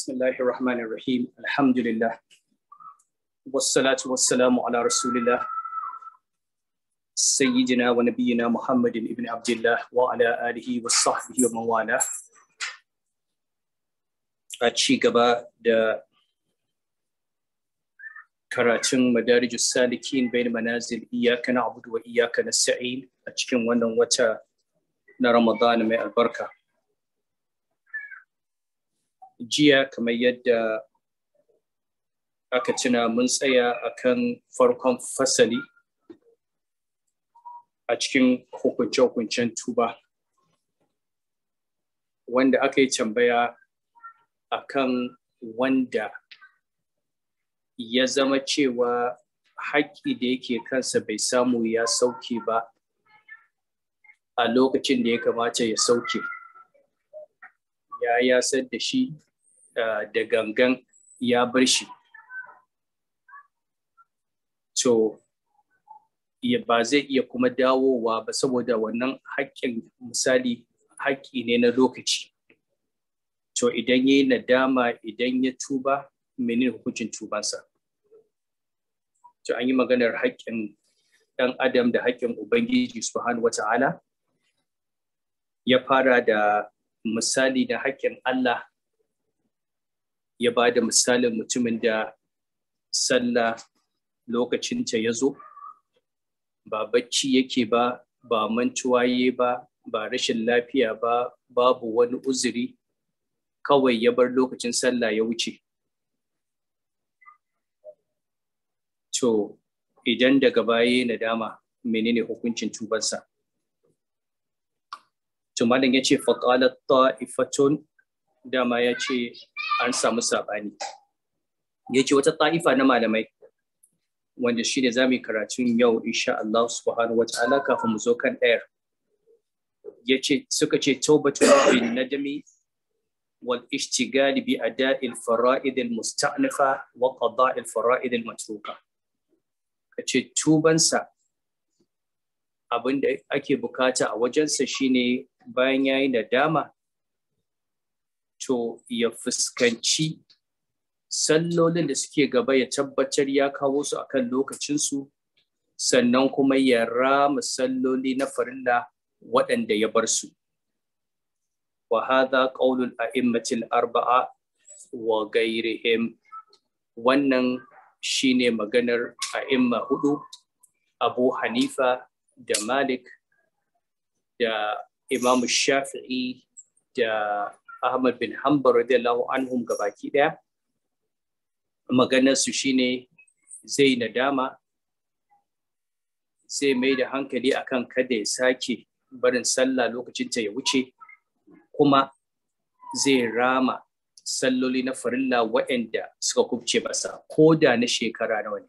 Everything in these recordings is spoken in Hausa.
Bismillahir Rahmanir Rahim. Alhamdulillah. Wassalatu wassalamu ala Rasulillah. Sayyidina wa nabiyyina Muhammadin ibn Abdullah wa alihi wa mawala. A ci gaba da karatun madarijus salikin bain manazil iyyaka na'budu wa iyyaka nasta'in a cikin wannan wata na Ramadan mai albarka. jiya kamar yadda aka tuna mun tsaya a kan farkon fasali a cikin hukunce-hukuncen tuba wanda aka yi tambaya a kan wanda ya zama cewa haƙƙi da yake kansa bai samu ya sauke ba a lokacin da ya kamata ya sauke ya yasar da shi da gangan ya bar shi to ba zai iya kuma dawowa ba saboda wannan haƙƙin misali haƙƙi ne na lokaci to idan ya yi nadama idan ya tuba menene hukuncin tubansa to an yi maganar haƙƙin ɗan adam da haƙƙin ubangiji subhanahu wata'ala ya fara da misali da haƙƙin Allah ya ba da misalin mutumin da sallah lokacinta ya zo ba bacci yake ba ba mantuwaye ba ba rashin lafiya ba babu wani uzuri kawai ya bar lokacin sallah ya wuce to idan daga baya nadama menene hukuncin tubansa to malam yace faqalat ta'ifatun dama ya ce an samu saɓani ya ce wata ta'ifa na malamai wanda shi ne za mu yi karatun yau insha Allah subhanahu wa ta'ala kafin mu zo kan ɗayar ya ce suka ce taubatu bin nadami wal ishtigali bi ada'il fara'id al musta'nifa wa qada'il fara'id al matruka ce tubansa abin da ake bukata a wajensa shine bayan yayi nadama to ya fuskanci sallolin da suke gaba ya tabbatar ya kawo su akan lokacinsu sannan kuma ya rama salloli na farilla waɗanda ya bar su wa hadha qaulul a'immatil arba'a wa gairihim wannan shine maganar a'imma hudu Abu Hanifa da Malik da Imam Shafi'i da Ahmad bin Hanbal radiyallahu anhum gabaki daya maganar su shine zai nadama zai mai da hankali akan kada ya sake barin sallah lokacin ta ya wuce kuma zai rama salloli na farilla waɗanda suka kubce masa ko da na shekara nawa ne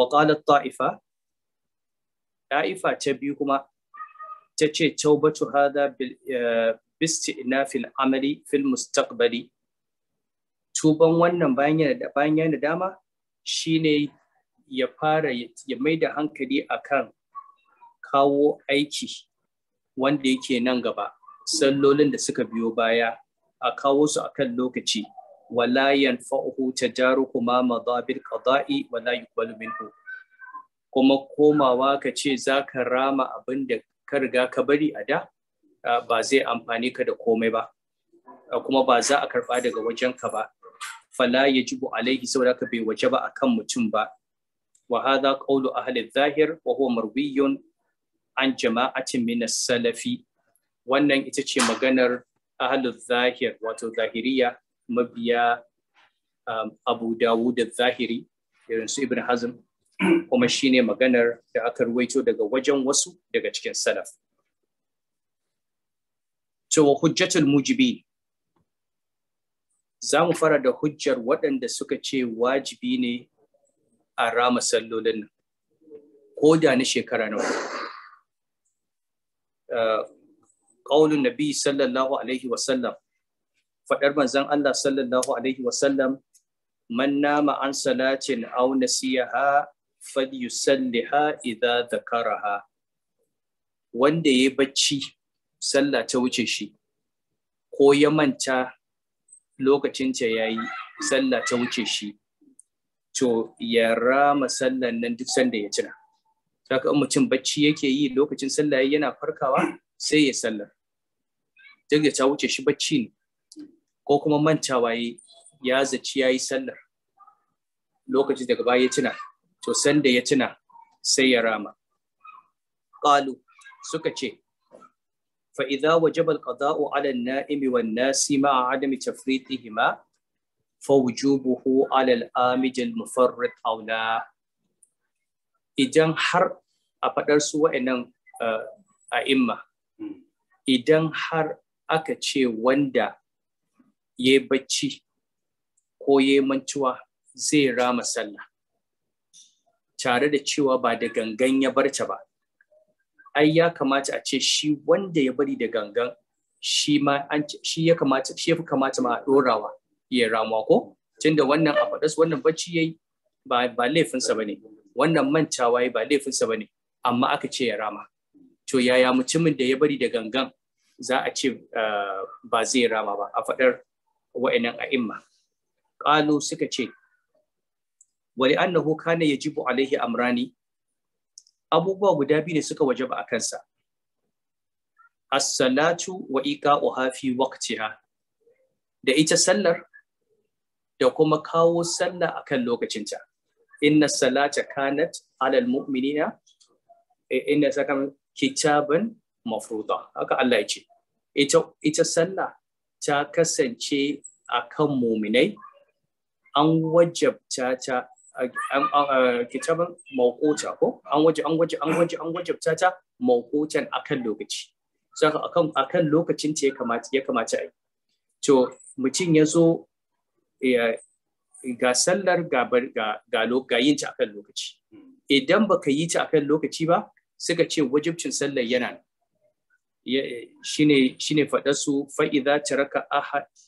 wa qalat ta'ifa ta'ifa ta biyu kuma ta ce taubatu hada bisti'nafi al'amali fil mustaqbali tuban wannan bayan yana da bayan yana dama shine ya fara ya mai da hankali akan kawo aiki wanda yake nan gaba sallolin da suka biyo baya a kawo su akan lokaci wala yanfa'uhu tajaruku ma madabil qada'i wala yuqbalu minhu kuma komawa ka ce zaka rama abin da ka riga ka bari a da ba zai amfani ka da komai ba kuma ba za a karba daga wajen ka ba fala ya ji yajibu alaihi saboda ka bai waje ba akan mutum ba wa hadha qawlu ahli zahir wa huwa marwiyun an jama'atin min salafi wannan ita ce maganar ahli zahir wato zahiriya mabiya um, abu dawud zahiri irin su ibn hazm kuma shine maganar da aka ruwaito daga wajen wasu daga cikin salaf to hujjatul mujibi za mu fara da hujjar waɗanda suka ce wajibi ne a rama sallolin ko da na shekara nawa ƙaunin eh, nabi sallallahu alaihi wasallam faɗar manzon Allah sallallahu alaihi wasallam man nama an salatin aw nasiyaha falyusalliha idza ha, wanda ya bacci sallah ta wuce shi ko ya manta lokacin ta yayi sallah ta wuce shi to ya rama sallan nan duk sanda ya tuna saka in mutum bacci yake yi lokacin sallah yana farkawa sai ya sallar duk da ta wuce shi bacci ne ko kuma mantawa ya zaci yayi sallar lokacin daga baya ya tuna to sanda ya tuna sai ya rama qalu suka ce fa idza wajaba alqada'u 'ala an-na'imi wan-nasi ma'a 'adami tafritihima fawujubuhu 'ala al-amij al-mufarrid aula idan har a fadar su wa'annan eh, imma, idan har aka ce wanda ya bacci ko ya mantuwa zai rama sallah tare da cewa ba da gangan ya barta ba ai ya kamata a ce shi wanda ya bari da gangan shi ya kamata shi ya kamata ma dorawa ya ramuwa ko tunda wannan a faɗas wannan bacci yayi ba ba laifinsa bane wannan mantawa yayi ba laifinsa bane amma aka ce ya rama to yaya mutumin da ya bari da gangan za a ce eh, ba zai rama ba a faɗar wa'annan a'imma ƙalu suka ce wa li'annahu kana yajibu alaihi amrani abubuwa guda biyu ne suka wajaba a kansa as-salatu wa iqa'uha fi waqtiha da ita sallar da kuma kawo sallah akan lokacinta inna salata kanat alal mu'minina eh, inna sakan kitaban mafruda haka Allah ya ce ita ita sallah ta kasance akan muminai an wajabta ta kitaban eh, mawquta ko an waje an waje an waje an waje ta mawqutan akan lokaci saka akan akan lokacin ta ya kamata ya kamata ai to mutum ya zo ga sallar ga ga ga yin ta akan lokaci idan baka yi ta akan lokaci ba suka ce wajibcin sallar yana shine shine faɗa su fa'iza taraka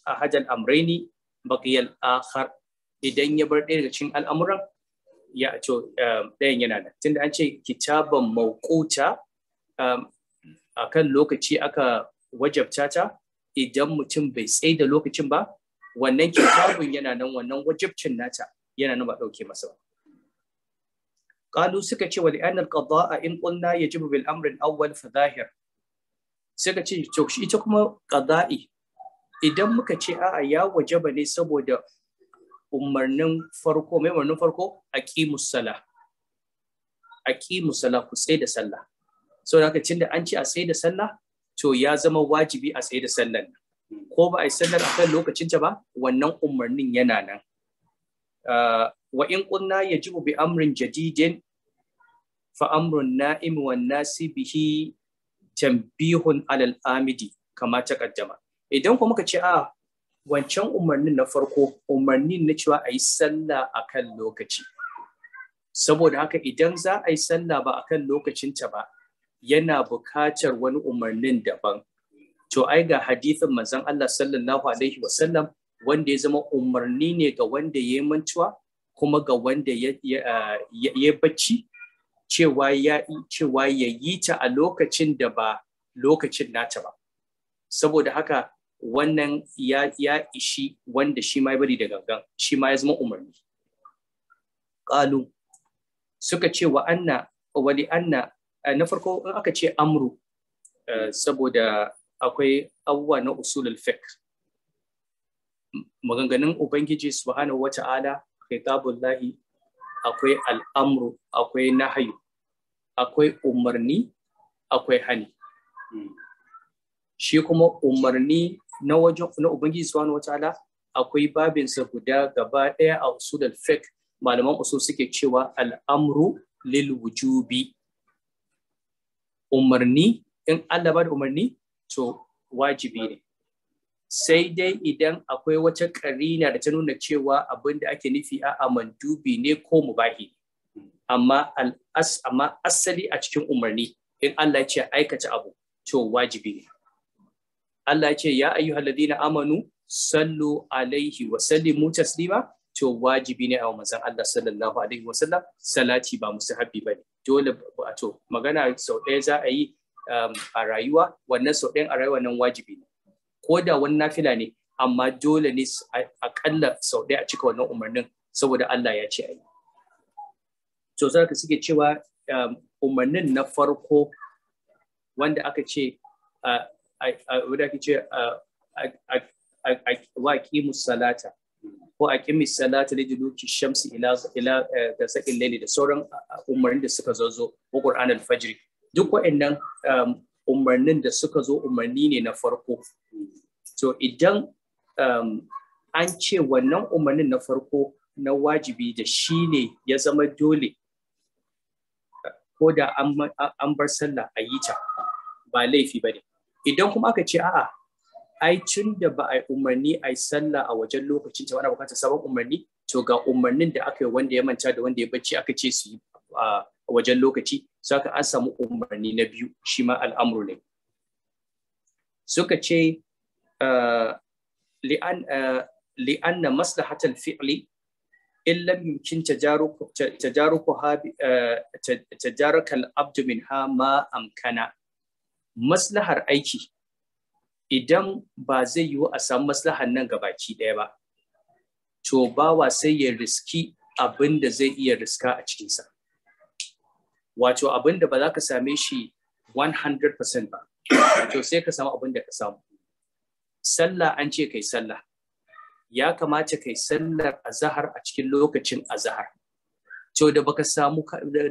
ahad al-amrayni baqiyal akhar idan ya bar ɗaya daga cikin al'amuran ya to um, ɗayan yana da tunda an ce kitaban Maukuta um, a kan lokaci aka wajabta ta idan mutum bai tsaye da lokacin ba wannan kitabun yana nan wannan wajabcin nata yana nan ba ɗauke masa ba قالوا suka ce wa li'anna al a in qulna ya bil amr al-awwal fa zahir suka ce to ita kuma ƙazai. idan muka ce a'a ya wajaba ne saboda umarnin farko mai umarnin farko aqimus sala aqimus sala ku sai da sallah saboda cin da an ce a sai da sallah to ya zama wajibi a sai da sallar ko ba a yi sallar a kan ta ba wannan umarnin yana nan ah, wa in kunna yajibu bi amrin jadidin fa amrun na'im wan nasi bihi tanbihun alal amidi kama taqaddama idan kuma muka ce a ah, wancan umarnin na farko umarnin na cewa a yi sallah a kan lokaci saboda haka idan za a yi sallah ba a kan lokacinta ba yana bukatar wani umarnin daban to ai ga hadithin manzon Allah sallallahu alaihi wasallam wanda ya zama umarni ne ga wanda ya yi mantuwa kuma ga wanda ya bacci cewa ya yi ta a lokacin da ba lokacin nata ba saboda haka wannan ya ya ishi wanda shi ma ya bari da gangan shi ma ya zama umarni qalu suka ce wa anna wa li anna eh, na farko in aka ce amru eh, saboda akwai abubuwa na usulul fiqh maganganun ubangiji subhanahu wata'ala kitabullahi akwai al'amru akwai nahayu akwai umarni akwai hani hmm. shi kuma umarni na wajen na ubangiji subhanahu wataala akwai babinsa guda gaba ɗaya a al fiqh malaman usul suke cewa al'amru lil wujubi umarni in Allah ba umarni to wajibi ne sai dai idan akwai wata karina da ta nuna cewa abin da ake nufi a amandubi ne ko mubahi amma amma asali a cikin umarni in Allah ya ce aikata abu to wajibi ne Allah ce ya ayyuhal ladina amanu sallu alaihi wa sallimu taslima to wajibi ne a manzon Allah sallallahu alaihi wa sallam salati ba mustahabi bane dole to magana sau ɗaya za a yi um, a rayuwa wannan sau ɗayan a rayuwa nan wajibi ne ko da wani nafila ne amma dole ne a ƙalla sau ɗaya a cika wannan umarnin saboda Allah ya ce a yi to za ka suke cewa um, umarnin na farko wanda aka ce uh, wadda ce uh, wa salata ko aqimi salata li duluki shamsi ila ila da eh, sakin laili da sauran uh, umarnin da suka zo ko Qur'an al-Fajr duk waɗannan um, umarnin da suka zo umarni ne na farko To idan um, an ce wannan umarnin na farko na wajibi da shi ne ya zama dole ko da an bar sallah a yi ta ba laifi ba ne idan kuma aka ce a'a ai tun da ba a yi umarni a sallah a wajen lokacin ta wani bukatar sabon umarni to ga umarnin da aka yi wanda ya manta da wanda ya bacci aka ce su yi a wajen lokaci saka an samu umarni na biyu shi ma al'amru ne suka ce li'an na maslahatar fi'li in lam yumkin tajaruka abdu min ha ma amkana maslahar aiki idan ba zai yiwu a samu maslahar nan gabaki ɗaya ba to ba wa sai ya riski abin da zai iya riska a cikinsa wato abin da ba za ka same shi 100% ba to sai ka samu abin da ka samu sallah an ce kai sallah ya kamata kai sallar azahar a cikin lokacin azahar to da baka samu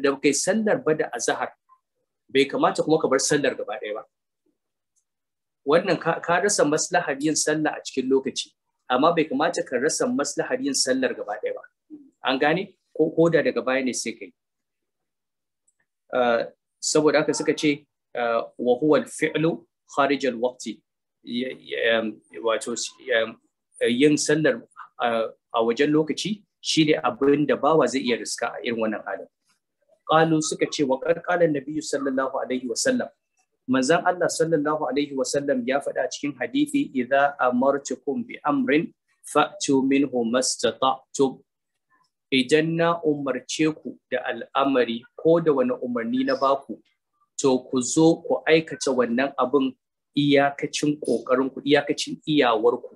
da kai sallar ba da azahar bai kamata kuma ka bar sallar gaba ɗaya ba wannan ka rasa maslahar yin sallah a cikin lokaci amma bai kamata ka rasa maslahar yin sallar gaba ɗaya ba an gane ko koda daga baya ne sai kai eh, saboda haka suka ce eh, wa huwa al-fi'lu kharij waqti eh, wato yin sallar a wajen lokaci shine abin da bawa zai iya riska a irin wannan halin qalu suka ce wa qad qala nabiyyu sallallahu alaihi wasallam manzon Allah sallallahu alaihi wasallam ya faɗa cikin hadithi idza amartukum bi amrin fa'tu minhu mastata'tum idan na umarce ku da al'amari ko da wani umarni na baku to ku zo ku aikata wannan abin iyakacin kokarin ku iyakacin iyawar ku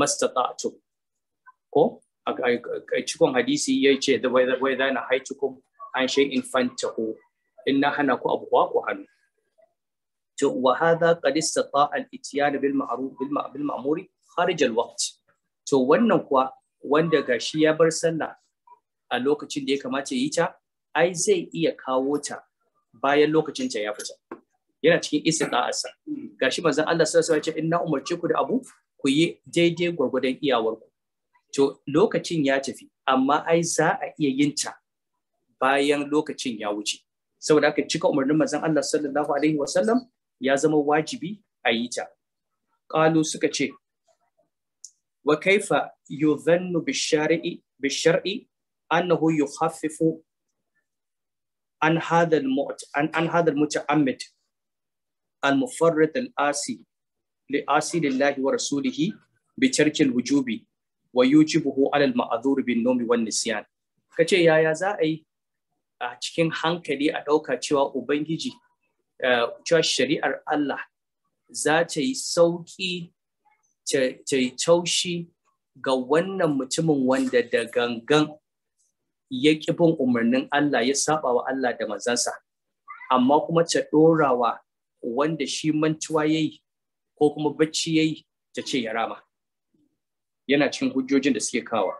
mastata'tum ko a cikin hadisi yace ce da wai na haitukum an shay'in fantahu in na hana ku abu ko hannu to wa hadha qad istata al ityan bil ma'ruf bil bil ma'muri kharij al waqt to wannan kuwa wanda gashi ya bar sallah a lokacin da ya kamata yi ta ai zai iya kawo ta bayan lokacin ta ya fita yana cikin istita'arsa gashi manzon Allah sallallahu alaihi wasallam inna umarce ku da abu ku yi daidai gwargwadon iyawarku to lokacin ya tafi amma ai za a iya yin ta bayan lokacin ya wuce saboda aka cika umarnin manzon Allah sallallahu alaihi wasallam ya zama wajibi a yi ta qalu suka ce wa kaifa yudhannu bishari'i bishari'i annahu yukhaffifu an hadha al-mu't an an hadha al-muta'ammid al-mufarrid al-asi li asi lillahi wa rasulihi bi tarkil wujubi wa yujibuhu ala al-ma'dhur bin nawmi wan nisyan kace yaya za a yi a cikin hankali a ɗauka cewa ubangiji eh, cewa shari'ar Allah za ta yi sauƙi ta yi taushi ga wannan mutumin wanda da gangan ya ƙi bin umarnin Allah ya saba wa Allah da mazansa amma kuma ta ɗorawa wanda shi mantuwa ya yi ko kuma bacci ya yi ta ce ya rama yana cikin hujjojin da suke kawa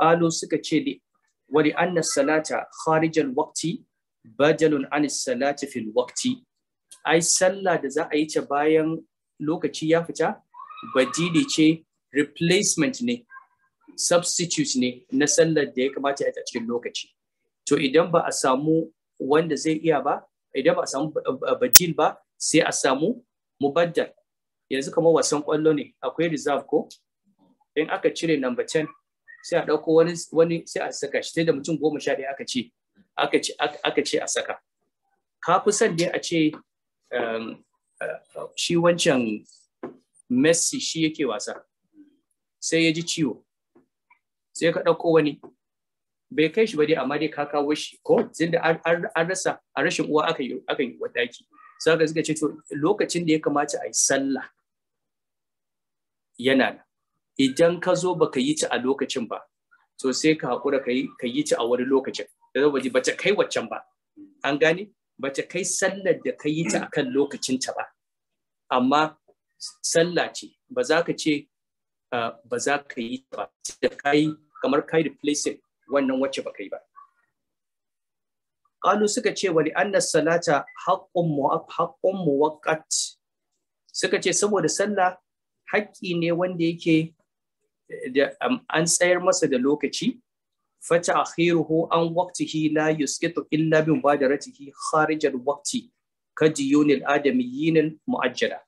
ƙalo suka ce wali anna salata kharijal wakti, bajalun an salati fil waqti ai sallah da za a yi ta bayan lokaci ya fita badili ce replacement ne substitute ne na sallar da ya kamata a cikin lokaci to idan ba a samu wanda zai iya ba idan ba a samu badil ba sai a samu mubaddal yanzu kamar wasan kwallo ne akwai reserve ko in aka cire number 10 sai a ɗauko wani wani sai a saka shi sai da mutum goma sha ɗaya aka ce aka ce aka ce a saka ka fi son dai a ce um, shi wancan Messi shi yake wasa sai ya ji ciwo sai ka ɗauko wani bai kai shi ba dai amma dai ka kawo shi ko zinda an rasa a rashin uwa aka yi aka yi wadaki sai ka suka ce to lokacin da ya kamata a yi sallah yana nan. idan ka zo ba ka yi ci a lokacin ba to sai ka haƙura ka yi ci a wani lokacin da zai waje kai waccan ba an gane bata kai sallar da ka yi ta akan lokacinta ba amma sallah ce ba za ka ce ba za ka yi ba da kai kamar kai replacing wannan wacce ba ka yi ba Ƙalu suka ce wani anna salata haqqun haqqun suka ce saboda sallah haƙƙi ne wanda yake an tsayar masa da lokaci fata akhiruhu an waqtihi la yusqitu illa bi mubadaratihi kharij al waqti ka diyunil adamiyyin al muajjala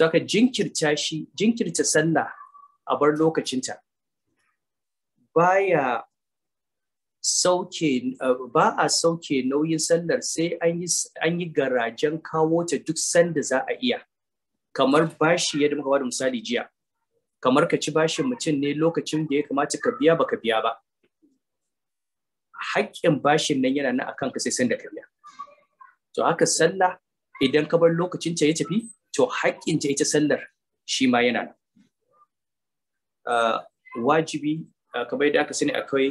saka jinkirta shi jinkirta sallah a bar lokacinta baya sauke uh, ba a sauke nauyin sallar sai an yi garajen kawo ta duk sanda za a iya kamar bashi yadda muka bada misali jiya kamar ka ci bashin mutum ne lokacin da ya kamata ka biya baka biya ba haƙƙin bashin nan yana nan a kanka sai san da ka biya to haka sallah idan ka bar lokacin ta ya tafi to haƙƙin ta ita sallar shi ma yana nan wajibi kamar yadda aka sani akwai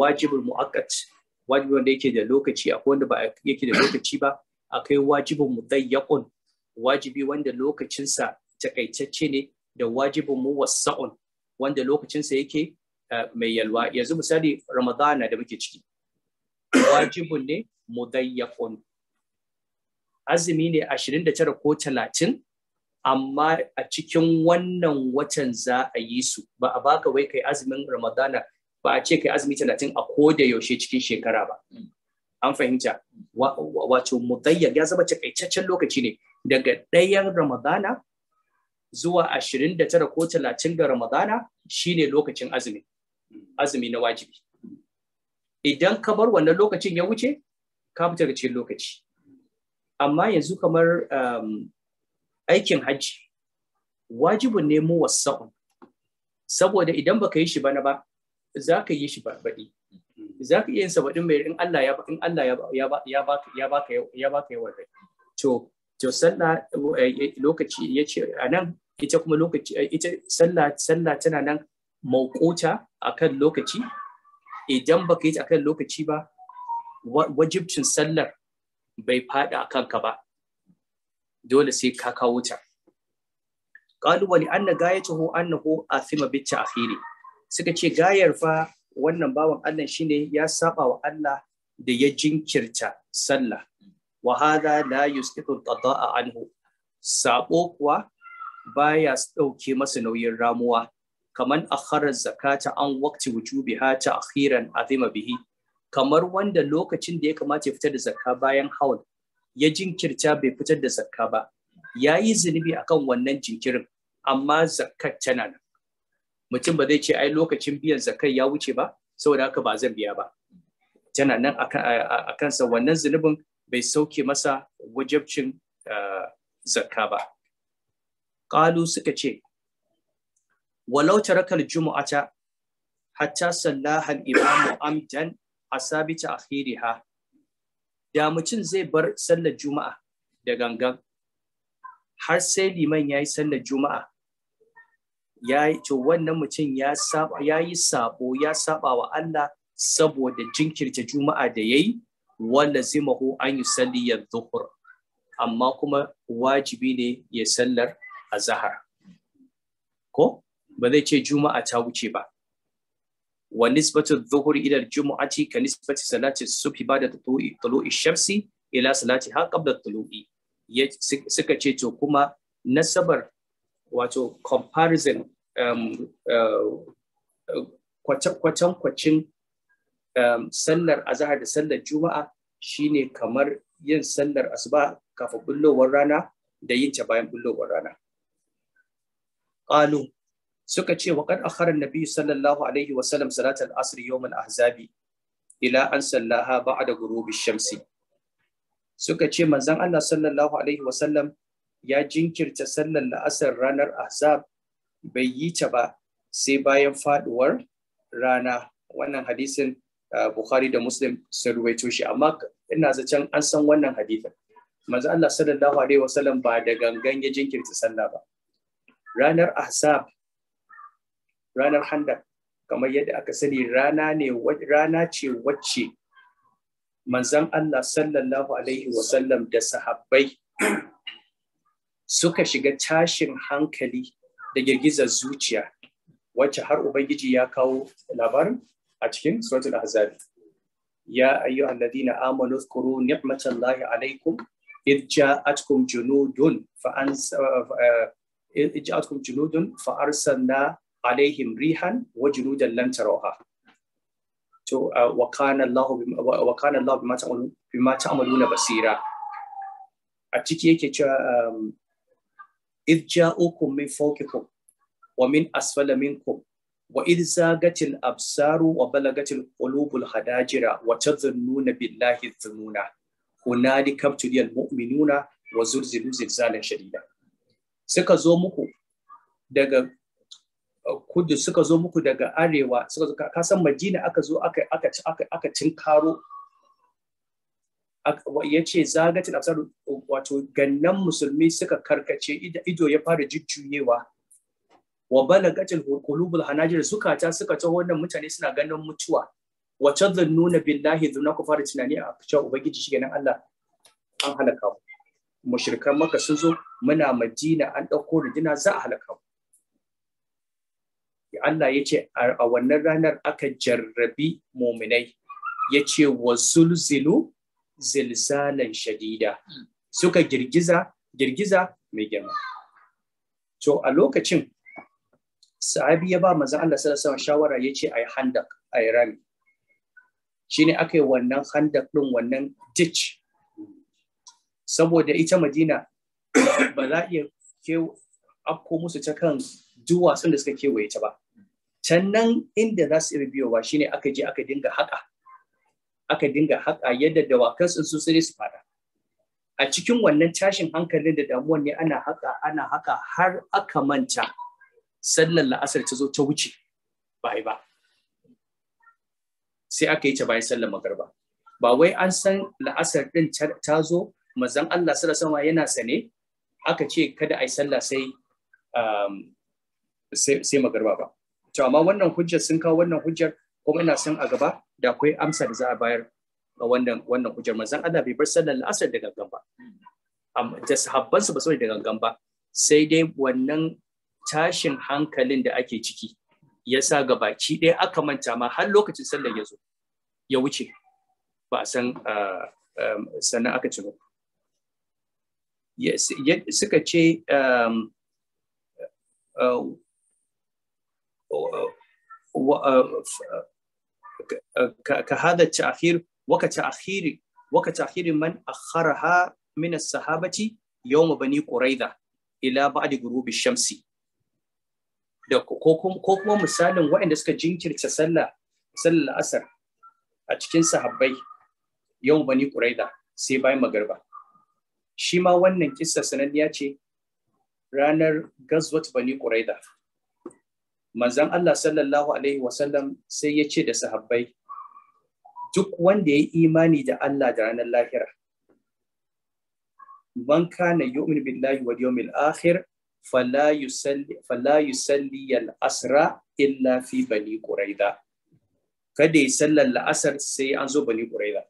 wajibul mu'aqqat wajibi wanda yake da lokaci akwai wanda ba yake da lokaci ba akwai wajibul mudayyaqun wajibi wanda lokacinsa takaitacce ne da wajibin mu wasa'un wanda lokacinsa yake eh, mai yalwa yanzu misali ramadana da muke ciki wajibun ne mudayyafun azumi ne 29 ko 30 amma a cikin wannan watan za a yi su ba a baka wai kai azumin ramadana ba a ce kai azumi 30 a ko da yaushe cikin shekara ba an fahimta wato mudayyar ya zama takaitaccen lokaci ne daga ɗayan ramadana zuwa 29 ko 30 ga Ramadana shine lokacin azumi azumi na wajibi idan ka bar wannan lokacin ya wuce ka fita daga cikin lokaci amma yanzu kamar um, aikin hajji wajibin ne mu wasa'un saboda idan baka yi shi bana ba za ka yi shi baɗi za ka iya yin sabaɗin mai in Allah ya in Allah baka ya baka yawan rai to to sallah eh, lokaci ya ce a nan ita kuma lokaci eh, ita sallah sallah tana nan mauquta akan lokaci idan baka yi akan lokaci ba wajibcin sallar bai fada akan ka ba dole sai ka kawo ta qalu wa anna gayatuhu annahu athima bi ta'khiri suka ce gayar fa wannan bawan Allah shine ya saba wa Allah da ya jinkirta sallah wa hadha la yusqitu qada'a anhu sabo kuwa baya ɗauke masa nauyin ramuwa kaman akhara zakata an waqti wujubiha akhiran azima bihi kamar wanda lokacin da ya kamata ya fitar da zakka bayan haul ya jinkirta bai fitar da zakka ba yayi zunubi akan wannan jinkirin amma zakkar tana nan mutum ba zai ce ai lokacin biyan zakkar ya wuce ba saboda haka ba zan biya ba tana nan a kansa wannan zunubin bai sauke masa wajabcin eh, zakka ba Kalu suka ce, walau tarakal jumu'ata hatta sallaha al-imamu amdan asabita akhiriha da mutum zai bar sallar juma'a da gangan har sai liman yayi sallar juma'a yayi to wannan mutum ya saba yayi sabo ya saba wa Allah saboda jinkirta juma'a da yayi wanda zimahu an yusalli yadh amma kuma wajibi ne ya sallar azahar ko ba zai ce juma'a ta wuce ba wa nisbatu dhuhri ila al-jum'ati ka nisbati salati subhi ba'da tulu'i tulu'i shamsi ila ha qabla tulu'i suka ce to kuma nasabar wato comparison um, uh, kwatankwacin um, sallar azahar da sallar juma'a shine kamar yin sallar asuba kafin bullowar rana da yin ta bayan bullowar rana qalu suka ce wa kad akhara nabi sallallahu alaihi wa sallam asr yawm al ahzabi ila an sallaha ba'da ghurubi shamsi suka ce manzon Allah sallallahu alaihi wa ya jinkirta sallar la'asar ranar ahzab bai yi ta ba sai bayan faduwar rana wannan hadisin ah, Bukhari da Muslim sun ruwaito shi amma ina zaton an san wannan hadisin manzo Allah sallallahu alaihi wa ba da gangan ya jinkirta sallah ba ranar ahzab ranar handak kamar yadda aka sani rana ne rana ce wacce manzan Allah sallallahu alaihi wasallam da sahabbai suka shiga tashin hankali da girgizar zuciya wacce har ubangiji ya kawo labarin a cikin suratul ahzab ya ayyuhal ladina amanu zkuru ni'matallahi alaikum idh ja'atkum junudun fa ijatkum junudun fa arsalna alaihim rihan wa junudan lam tarawha to uh, wa kana Allah wa ta'maluna basira a ciki yake cewa um, id ja'ukum min fawqikum wa min asfala minkum wa id zagatil absaru wa balagatil qulubul hadajira wa tadhunnuna billahi dhununa hunalika tabtuliyal mu'minuna wa zulzilu zilzalan sharida. suka zo muku daga uh, kudu suka zo muku daga arewa suka zo ka san madina aka zo aka aka aka aka cinkaro ya ce zagatin absar wato gannan musulmi suka karkace ido ya fara jujjuyewa wa balagatil qulubul hanajir zukata suka ta wannan mutane suna ganin mutuwa wa tadhannuna billahi dhunna ku fara tunani a cewa ubangiji shi kenan Allah an halaka mu mushrikan maka sun zo muna madina an ɗauko rigina za a halaka mu Allah ya ce a wannan ranar aka jarrabi muminai ya ce wa zulzilu zilzalan shadida suka girgiza girgiza mai girma to a lokacin sahabi ya ba manzon Allah sallallahu alaihi shawara ya ce ai handak ai rami shine aka wannan handak din wannan ditch saboda ita madina ba za iya afko musu ta kan duwatsun da suka kewaye ta ba can nan inda za su iya biyowa shine aka je aka dinga haƙa aka dinga haƙa yadda dawakan sun su sai su fada a cikin wannan tashin hankalin da damuwan ne ana haƙa ana haƙa har aka manta sallar la'asar ta zo ta wuce ba ba sai aka yi ta bayan sallar magarba ba wai an san la'asar din ta zo Mazan Allah sallallahu sama yana sane aka ce kada a yi sallah sai um, sai magarba ba to amma wannan hujjar sun kawo wannan hujjar kuma ina son a gaba da akwai amsa da za a bayar ga wannan wannan hujjar Mazan Allah bai bar sallar la'asar da gangan ba da sahabban su ba sai da gangan ba sai dai wannan tashin hankalin da ake ciki ya sa gabaki ɗaya aka manta ma har lokacin sallar ya zo ya wuce ba a san uh, um, sannan aka ci suka ce um, uh, uh, uh, ka hada ta'khir waka ta'khir waka man akharaha min as-sahabati yawm bani quraida ila ba'di ghurubi shamsi da ko kuma misalin waɗanda suka jinkirta sallah sallar asar a cikin sahabbai yawm bani quraida sai bayan magarba shi ma wannan kissa sananniya ce ranar gazwat bani quraida manzon Allah sallallahu alaihi wasallam sai ya ce da sahabbai duk wanda ya yi imani da Allah da ranar lahira man kana yu'min billahi wal yawmil akhir fala yusalli fala yusalli al asra illa fi bani quraida kada ya sallar la'asar sai an zo bani quraida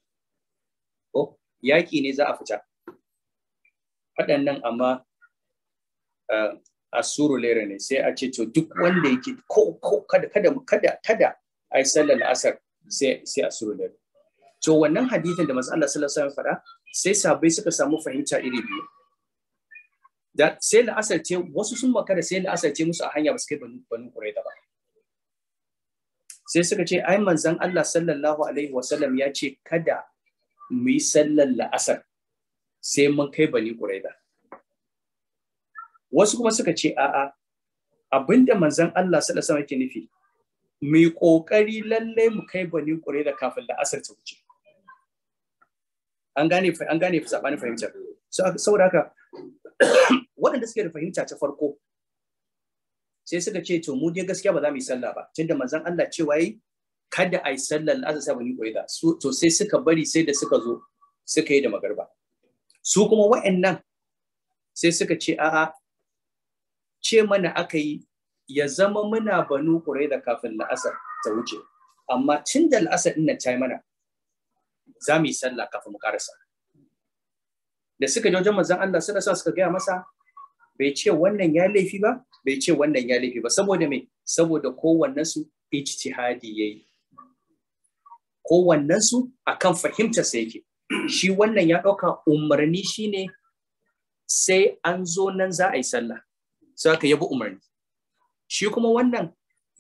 oh yaki ne za a fita waɗannan amma a suru lera ne sai a ce to duk wanda yake ko ko kada kada kada kada ai sallar asar sai sai a suru lera to wannan hadithin da manzo Allah sallallahu alaihi wasallam fara sai sabai suka samu fahimta iri biyu da sai asar ce wasu sun makara sai la'asar ce musu a hanya ba su kai banu kurai ba sai suka ce ai manzon Allah sallallahu alaihi wasallam ya ce kada mu yi sallar la'asar sai mun kai bani da. wasu kuma suka ce a'a abinda manzon Allah sallallahu alaihi wasallam yake nufi mu yi ƙoƙari lallai mu kai bani da kafin la'asar ta wuce an gane an gane sabanin fahimta saboda haka waɗanda suke da fahimta ta farko sai suka ce to mu dai gaskiya ba za mu yi sallah ba tunda manzon Allah cewa yi kada a yi sallar la'asar sa bani da? to sai suka bari sai da suka zo suka yi da magarba su kuma wa'annan sai suka ce a'a ce mana aka yi ya zama muna banu kurai da kafin la'asar ta wuce amma tun da la'asar ɗin na ta mana za mu yi sallah kafin mu karasa da suka ji wajen manzon Allah suna sa suka gaya masa bai ce wannan ya laifi ba bai ce wannan ya laifi ba saboda me saboda kowannen su ijtihadi yayi kowannen su akan fahimtar sa yake shi wannan ya ɗauka umarni shine sai an zo nan za a yi sallah sai aka yabi umarni shi kuma wannan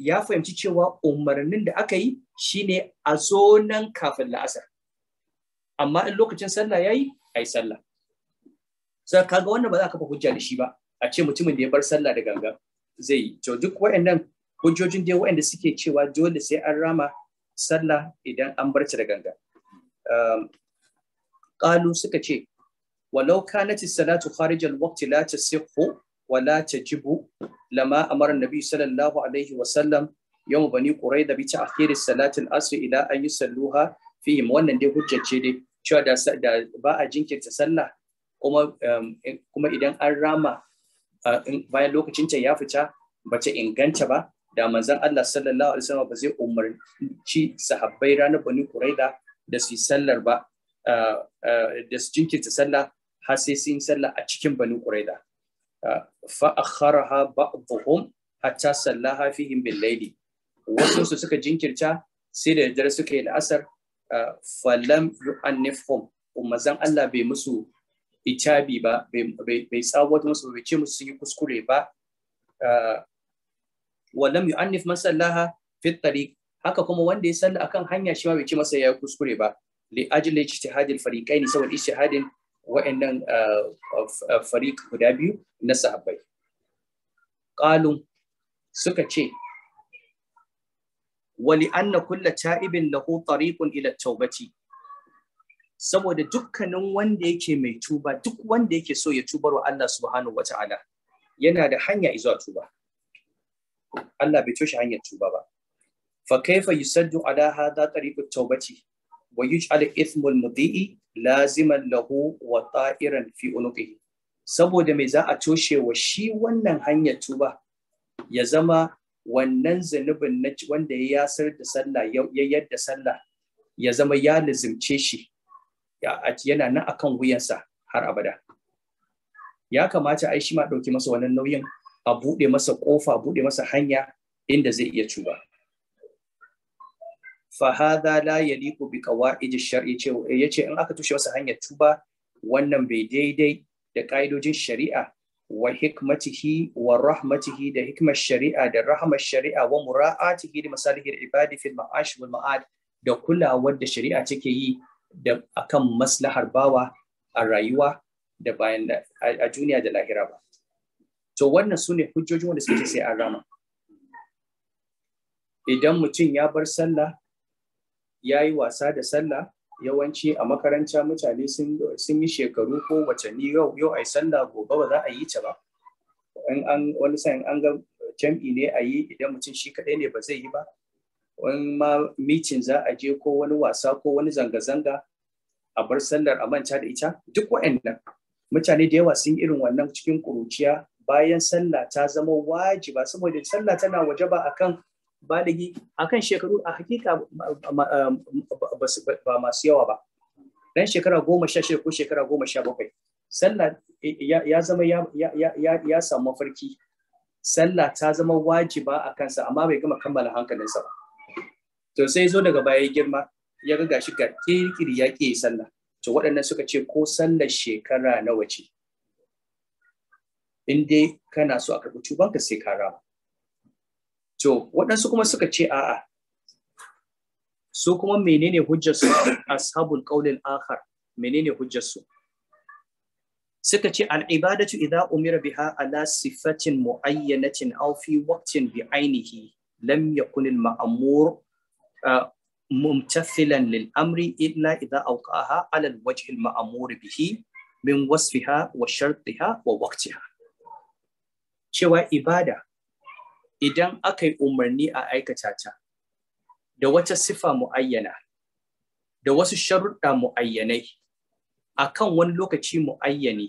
ya fahimci cewa umarnin da aka yi shine a zo nan kafin la'asar amma in lokacin sallah ya yi a yi sallah sai kaga wannan ba za ka fa hujja da shi ba a ce mutumin da ya bar sallah da ganga zai yi to duk waɗannan hujjojin dai waɗanda suke cewa dole sai an rama sallah idan an bar ta da ganga qalu suka ce walau kanat salatu kharij al-waqt la tasihhu wa la tajibu lama amara nabi sallallahu alaihi wa sallam yawm bani quraida bi ta'khir salati al-asr ila an yusalluha fihim wannan dai hujjace dai cewa da, ba jinkirta sallah um, kuma idan an rama bayan lokacin ta ya fita bata inganta ba da manzon Allah sallallahu alaihi wasallam ba zai umarci sahabbai ranar bani quraida da suyi sallar ba da su jinkirta sallah har sai sun sallah a cikin banu quraida fa akharaha ba'dhum hatta sallaha fihim bil layli wasu su suka jinkirta sai da dare suka yi la'asar falam yu'annifhum mazan Allah bai musu itabi ba bai tsawata musu bai ce musu sun yi kuskure ba walam yu'annif man sallaha haka kuma wanda ya salla akan hanya shi ma bai ce masa ya kuskure ba li ajli ijtihadil fariqaini saboda ijtihadin wa'annan fariq guda biyu na sahabbai qalu suka ce wali anna ta ibin lahu tariqun ila taubati saboda dukkanin wanda yake mai tuba duk wanda yake so ya tubar wa Allah subhanahu wata'ala yana da hanya zuwa tuba Allah bai toshe hanyar tuba ba fa yusaddu ala hadha taubati wa ismul mudi'i laziman lahu wa ta'iran fi saboda me za a toshe wa shi wannan hanyar tuba ya zama wannan zanubin na wanda ya yasar da sallah ya yadda sallah ya zama ya lazimce shi yana nan akan wuyansa har abada ya kamata ai shi ma ɗauki masa wannan nauyin a buɗe masa ƙofa buɗe masa hanya inda zai iya tuba fa hadha la yaliqu bi qawaid shari yace in aka tushe masa hanyar tuba wannan bai daidai da ka'idojin shari'a wa hikmatihi wa rahmatihi da hikmar shari'a da rahmar shari'a wa mura'atihi da masalihil ibadi fil ma'ash wal ma'ad da kulawar da shari'a take yi da akan maslahar bawa a rayuwa da bayan a duniya da lahira ba to wannan su ne hujjojin wanda suke sai an rama idan mutum ya bar sallah ya yi wasa da sallah yawanci a makaranta mutane sun yi shekaru ko watanni yau yau a yi sallah gobe ba za a yi ta ba in an wani sa'in an ga jam'i ne a yi idan mutum shi kaɗai ne ba zai yi ba wani ma mitin za a je ko wani wasa ko wani zanga-zanga a bar sallar a manta da ita duk waɗannan mutane da yawa sun irin wannan cikin ƙuruciya bayan sallah ta zama wajiba saboda sallah tana waje wajaba akan baligi kan shekaru a hakika eh, ba masu yawa ba ɗan shekara goma sha shida ko shekara goma sha bakwai sallah ya zama ya samu mafarki sallah ta zama wajiba a kansa amma bai gama kammala hankalinsa ba to sai zo daga baya girma ya ga gashi ga kirkiri ya ke sallah to waɗannan suka ce ko sallar shekara nawa ce in dai kana so a karɓi tubanka sai ka rama To, waɗansu kuma suka ce a'a, su kuma menene hujjarsu ashabul qaulil akhar menene hujjarsu suka ce al'ibadatu idza umira biha ala sifatin muayyanatin aw fi waqtin bi ainihi lam yakun al ma'mur mumtathilan lil amri illa idza awqaha ala al wajh al ma'mur bihi min wasfiha wa shartiha wa waqtiha cewa ibada idan aka yi umarni a aikata ta da wata sifa mu'ayyana da wasu sharuɗa mu'ayyanai a kan wani lokaci mu'ayyani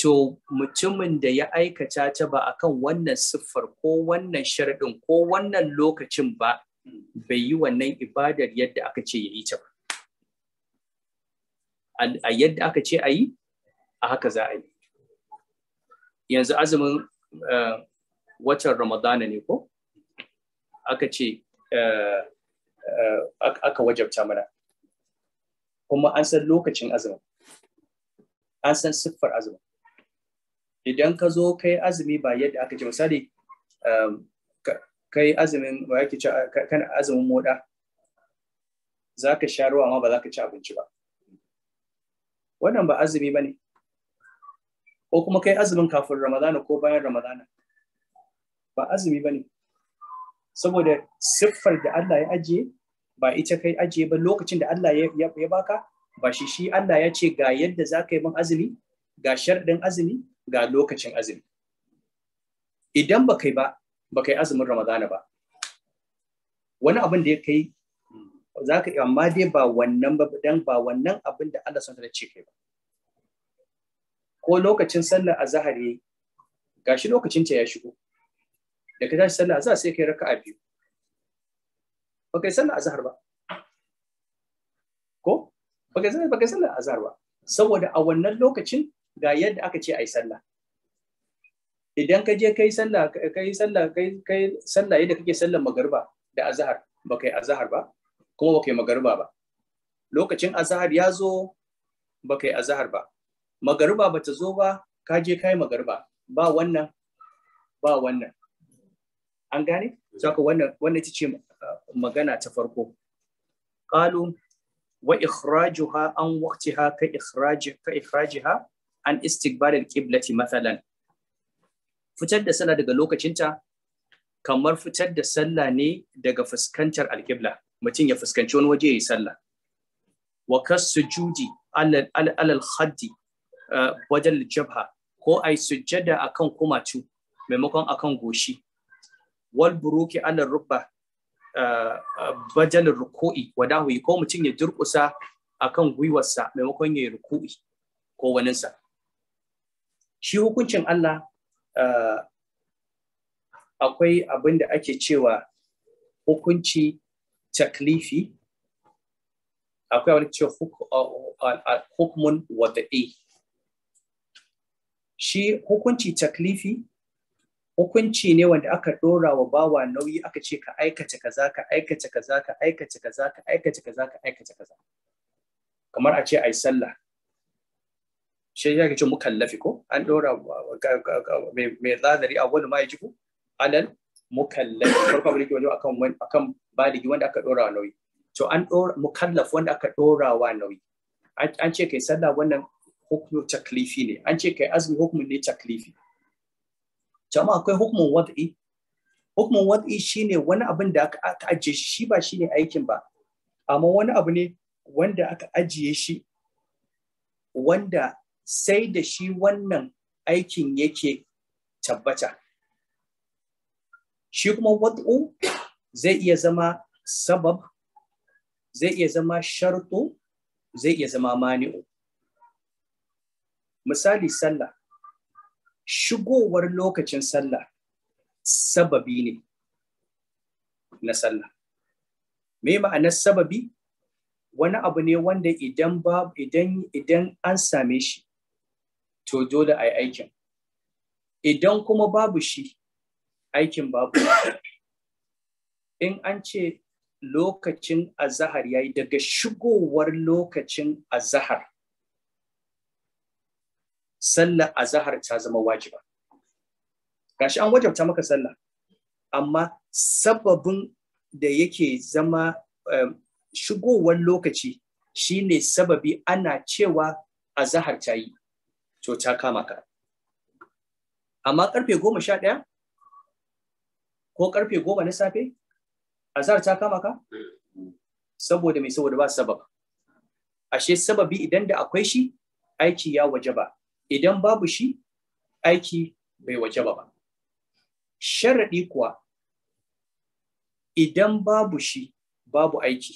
to mutumin da ya aikata ta ba a kan wannan siffar ko wannan sharaɗin ko wannan lokacin ba bai yi wannan ibadar yadda aka ce ya yi ta ba a yadda aka ce a yi a haka za a yi yanzu azumin eh, watan ramadana ne ko aka ce eh, eh, aka wajabta mana kuma an san lokacin azumi. an san siffar azumi. idan ka zo kai azumi ba yadda aka ce misali eh, kai azumin ba yake ci kana azumin moda za ka sha ruwa amma ba za ka ci abinci ba wannan ba azumi ba ne ko kuma kai azumin kafin ramadana ko bayan ramadana ba azumi ba ne saboda siffar da Allah ya ajiye ba ita kai ajiye ba lokacin da Allah ya baka ba shi shi Allah ya ce ga yadda za ka yi min azumi ga sharɗin azumi ga lokacin azumi idan ba kai ba ba kai azumin ramadana ba wani abin da ya kai za ka yi amma dai ba wannan ba dan ba wannan abin da Allah sanar da ce kai ba ko lokacin sallar azahari gashi lokacin ta ya shigo da ka tashi sallah azhar sai kai raka'a biyu ba kai sallah azhar ba ko ba kai sallah ba kai sallah azhar ba saboda a wannan lokacin ga yadda aka ce ai sallah idan ka je kai sallah kai sallah kai kai sallah yadda kake sallar magariba da azhar ba kai azhar ba kuma ba kai magariba ba lokacin azhar ya zo ba kai azhar ba magariba ba ta zo ba ka je kai magariba ba wannan ba wannan an gane saka wannan wannan ce uh, magana ta farko ƙalu wa ikhrajuha an waqtiha ka ikhraj ka an istiqbal al-qiblati fitar da sallah daga lokacinta kamar fitar da sallah ne daga fuskantar alƙibla mutum ya fuskanci wani waje ya yi sallah wa kasujudi alal haddi uh, wajen jabha ko ai sujjada akan kumatu maimakon akan goshi wal buruki ala rubba eh, eh, bajalin ruku'i wadahu ko mutum ya durkusa akan gwiwarsa maimakon ya yi ruku'i ko waninsa shi hukuncin Allah eh, akwai abin da ake cewa hukunci taklifi akwai abin da cewa hukumun wada'i shi hukunci taklifi hukunci ne wanda aka dora wa bawa nauyi aka ce ka aikata kaza ka aikata kaza ka aikata kaza ka aikata kaza ka aikata kaza kamar a ce ai sallah shi ya ce lafi ko an dora mai zazari a wani ma ya ji ko alal mukallafi farko abin wajen akan akan baligi wanda aka dora wa nauyi to an dora mukallaf wanda aka dora wa nauyi an ce kai sallah wannan hukumin taklifi ne an ce kai azumi hukumin ne taklifi jama'a akwai hukumin wad'i hukumin wad'i shine wani abin da aka ajiye shi shi ba shine aikin ba amma wani abu ne wanda aka ajiye shi wanda sai da shi wannan aikin yake tabbata shi kuma wad'u zai iya zama sabab zai iya zama sharto zai iya zama mani'u misali sallah shigowar lokacin sallah sababi ne na sallah me ma'anar sababi wani abu ne wanda idan idan idan an same shi to dole a yi aikin idan kuma babu shi aikin babu in an ce lokacin azahar ya yi daga shigowar lokacin azahar sallar azahar ta zama wajiba gashi an wajabta maka sallah amma sababin da yake zama um, shigowar lokaci shine sababi ana cewa azahar ta yi to ta kama ka amma karfe goma sha ɗaya ko karfe goma na safe azahar ta kama ka saboda mai saboda ba sabab ashe sababi idan da akwai shi aiki ya waje ba idan babu shi aiki bai waje ba sharaɗi kuwa idan babu shi babu aiki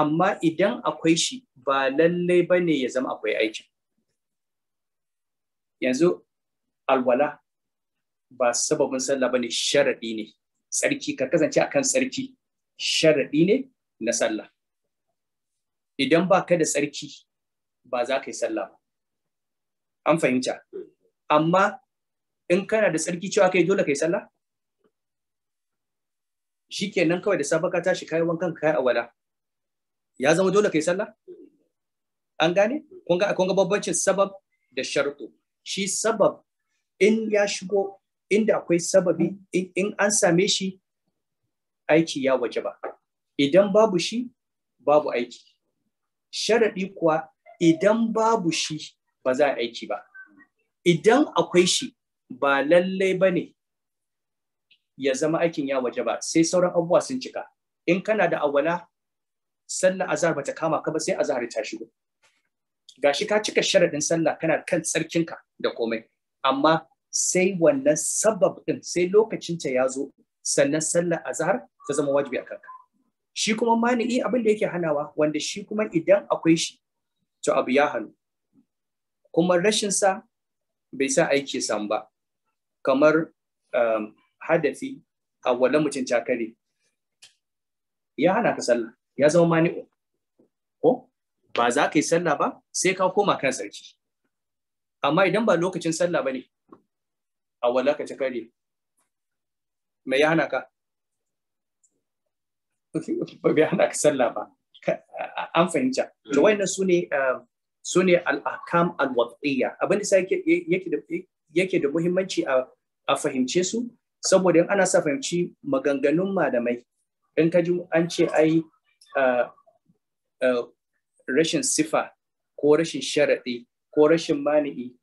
amma idan akwai shi ba lallai ba ne ya zama akwai aiki. yanzu alwala ba sababin sallah ba ne sharaɗi ne tsarki ka kasance kan sarki. sharaɗi ne na sallah idan ba ka da tsarki ba za ka yi sallah ba an fahimta amma in kana da tsarki cewa kai dole kai sallah shikenan kawai da sabaka ta shi kai wankan kai awala ya zama dole kai sallah an gane kun ga kun ga babbancin sabab da sharto. shi sabab in ya shigo inda akwai sababi in an same shi aiki ya waje ba idan babu shi babu aiki sharaɗi kuwa idan babu shi ba za a aiki ba idan akwai shi ba lallai ba ne ya zama aikin ya waje ba sai sauran abubuwa sun cika in kana da awala sallah azhar bata kama ka ba sai azhar ta shigo Ga shi ka cika sharadin sallah kana kan tsarkinka da komai amma sai wannan sabab ɗin sai lokacinta ya zo sannan sallar azhar ta zama wajibi a kanka shi kuma mani'i abin da yake hanawa wanda shi kuma idan akwai shi to abu ya hannu kuma rashinsa bai sa aiki sam ba kamar um, hadafi a wala mutum cakare ya hana ka sallah ya zama mani'u ko ba za ka yi sallah ba sai ka koma kan sarki amma idan ba lokacin sallah ba ne a wala ka cakare mai ya hana ka bai hana ka sallah ba an fahimta to mm. wayannan su ne um, Sune ne al'akam al-wad'iyya abin da yake da muhimmanci a fahimce su saboda in ana sa fahimci maganganun malamai in ka ji an ce ai rashin sifa ko rashin sharaɗi ko rashin mani'i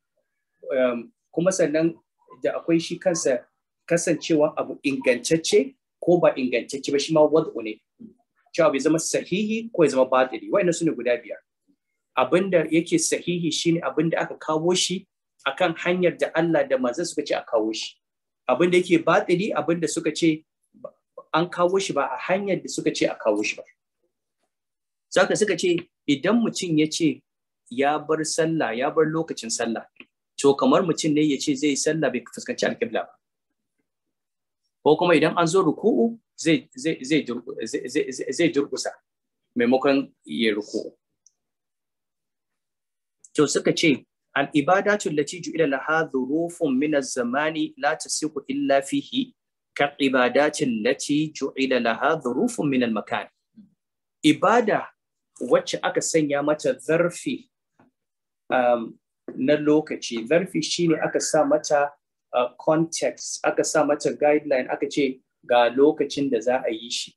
um, kuma sannan da akwai shi kansa kasancewa abu ingantacce ko ba ingantacce ba shi ma wad'u ne cewa bai zama sahihi ko ya zama batili wa'annan su ne guda biyar abin da yake sahihi shine abin da aka kawo shi akan hanyar da Allah da manzon suka ce a kawo shi abin da yake batili abin da suka ce an kawo shi ba a hanyar da suka ce a kawo shi ba saka suka ce idan mutum ya ce ya bar sallah ya bar lokacin sallah to kamar mutum ne ya ce zai sallah bai fuskanci alƙibla ba ko kuma idan an zo ruku'u zai durƙusa maimakon ya ruku'u to suka ce al-ibadatu allati ju'ila laha dhurufun min az-zamani la tasiqu illa fihi ka ibadati allati ju'ila laha dhurufun min al-makan ibada wacce aka sanya mata zarfi um, na lokaci zarfi shine aka sa mata uh, context aka sa mata guideline aka ce ga lokacin da za a yi shi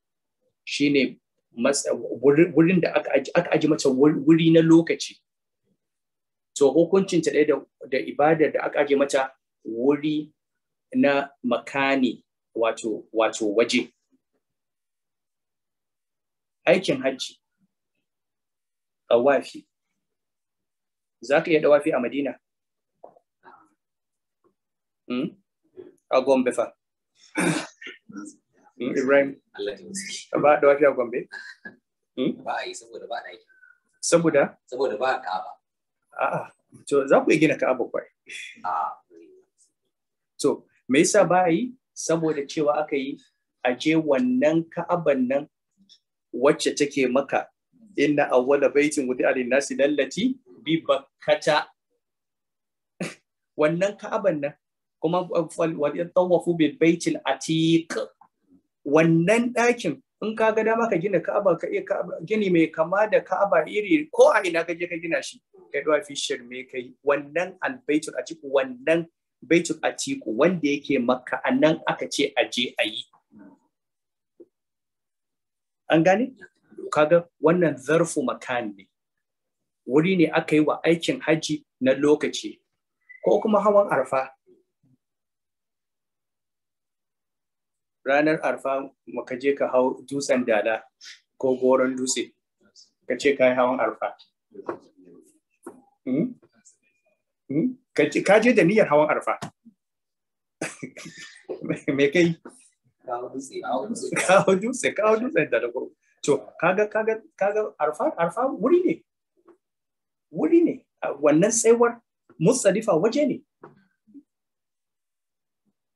shine wurin da aka aji mata wuri na lokaci so hukuncin ta da da ibadar da aka ajiye mata wuri na makani wato wato waje aikin hajji wafi, za ka iya ɗawafi a madina hmm? a gombe fa hmm, ibrahim ba ɗawafi a gombe hmm? ba a yi saboda ba saboda saboda ba a kaba a'a to za ku iya gina ka'aba kwai so me yasa ba yi saboda cewa aka yi a je wannan ka'aban nan wacce take maka inna awwala baitin wudi alin nasi lallati bi bakkata wannan ka'aban nan kuma wal yatawafu bil baitil atiq wannan ɗakin in ka ga dama ka gina ka'aba ka iya gini mai kama da ka'aba iri ko a ina ka je ka gina shi kai dawa fi shirme kai wannan albaitul atiku wannan baitul atiku wanda yake makka anan aka ce a je a yi an gane kaga wannan zarfu makan ne wuri ne aka yi wa aikin haji na lokaci ko kuma hawan arfa ranar arfa maka je ka hau dutsen dala ko goron dutse ka ce ka yi hawan arfa hmm? Hmm? ka je da niyyar hawan arfa me kai kawo dutse kawo dutse da da to kaga kaga kaga arfa arfa wuri ne wuri ne wannan tsayuwar mutsalifa waje ne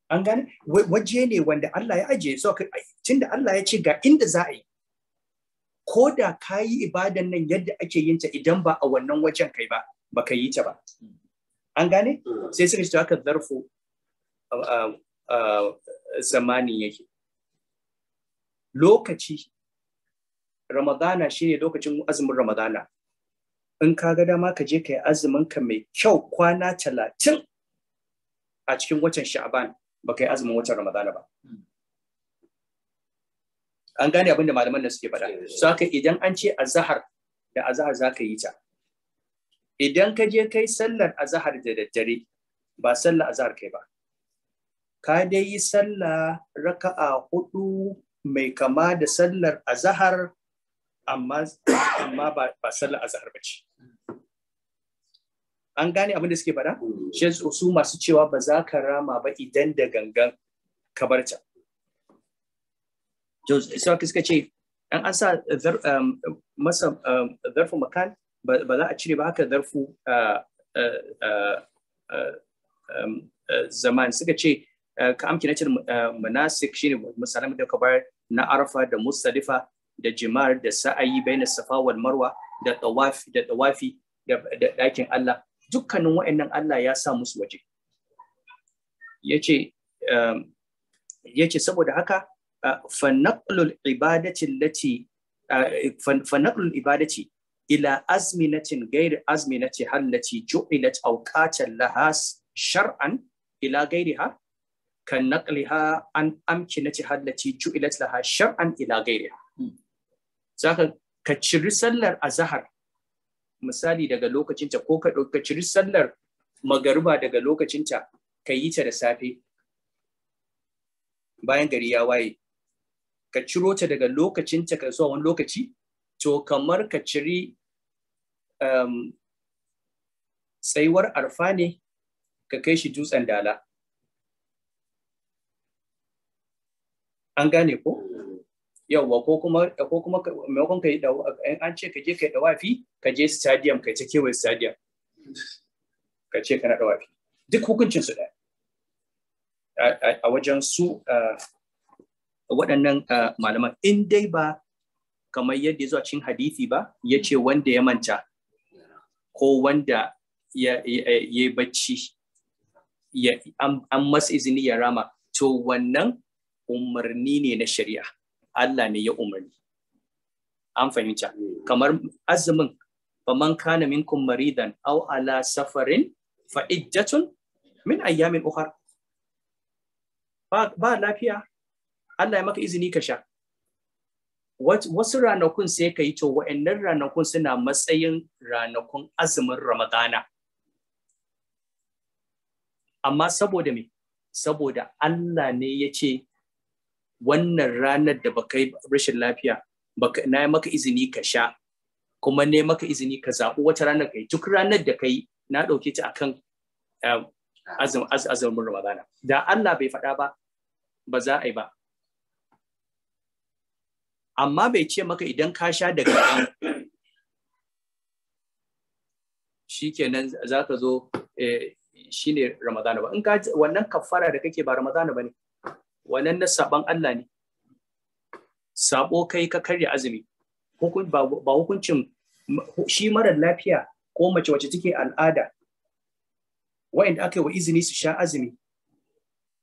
an gane waje ne wanda Allah ya ajiye so tunda Allah ya ce ga inda za a yi ko da ka yi ibadan nan yadda ake yin ta idan ba a wannan wajen kai ba ba ka yi ta ba an gane sai suka ce haka zarfu zamani yake lokaci ramadana shine lokacin azumin ramadana in ka ga dama ka je ka yi azumin ka mai kyau kwana talatin a cikin watan Shaban. ba yi azumin watan ramadana ba an gane abin da malaman nan suke faɗa so haka idan an ce azahar da azahar za ka yi ta idan ka je kai sallar azahar da daddare ba sallar azahar kai ba ka dai yi sallah raka'a hudu mai kama da sallar azahar amma amma ba sallar azahar ba ce an gane abin da suke fada, mm. shi su masu cewa ba za ka rama ba idan da gangan ka bar ta so suka ce an an sa um, masa um, zarfu makan ba za a cire ba haka zarfu uh, uh, uh, um, zaman suka ce ka amkina cin manasik shine misalan da ka bayar na arfa da musalifa da jimar da sa'ayi bai na safa wal marwa da da tawafi da ɗakin Allah dukkanin wa'annan Allah ya sa musu waje yace um, yace saboda haka uh, fa ibadaci ibadati lati, uh, fa ibadati ila azminatin gairi azminati halati ju'ilat awqatan laha shar'an ila ghairiha kan naqliha an amkinati halati ju'ilat laha shar'an ila ghairiha hmm. zaka ka ciri sallar azhar misali daga lokacinta ko ka ɗauka ciri sallar magariba daga lokacinta ka yi ta da safe bayan gari ya waye ka ciro ta daga lokacinta ka zuwa wani lokaci to kamar ka ciri um, tsayuwar arfa ne ka kai shi dutsen dala an gane ko yawwa ko kuma ko kuma maimakon ka yi da an ce ka je ka yi dawafi ka je stadium ka yi ta kewaye stadium ka ce kana dawafi duk hukuncin su ɗaya a wajen su waɗannan malaman in dai ba kamar yadda zuwa cin hadithi ba ya ce wanda ya manta ko wanda ya yi bacci an masa izini ya rama to wannan umarni ne na shari'a Allah ne ya umarni an fahimta kamar azumin ba man kana kummari maridan au ala safarin fa’ijjatun min ayyamin ukar. ba, lafiya Allah ya maka izini ka sha wasu ranakun sai ka yi to wa'annan ranakun suna matsayin ranakun azumin ramadana amma saboda me saboda Allah ne ya ce wannan ranar da baka yi rashin lafiya na yi maka izini ka sha kuma ne maka izini ka zaɓi wata ranar ka yi duk ranar da ka yi na ɗauke ta akan um, azumin ramadana da Allah bai faɗa ba ba za a yi ba amma bai ce maka idan ka sha daga shikenan za ka zo eh, shine ramadana ba in ka wannan kafara da kake ba ramadana ba ne wannan na saban Allah ne sabo kai ka karya azumi ba hukuncin shi mara lafiya ko mace wacce take al'ada wa'inda aka yi wa izini su sha azumi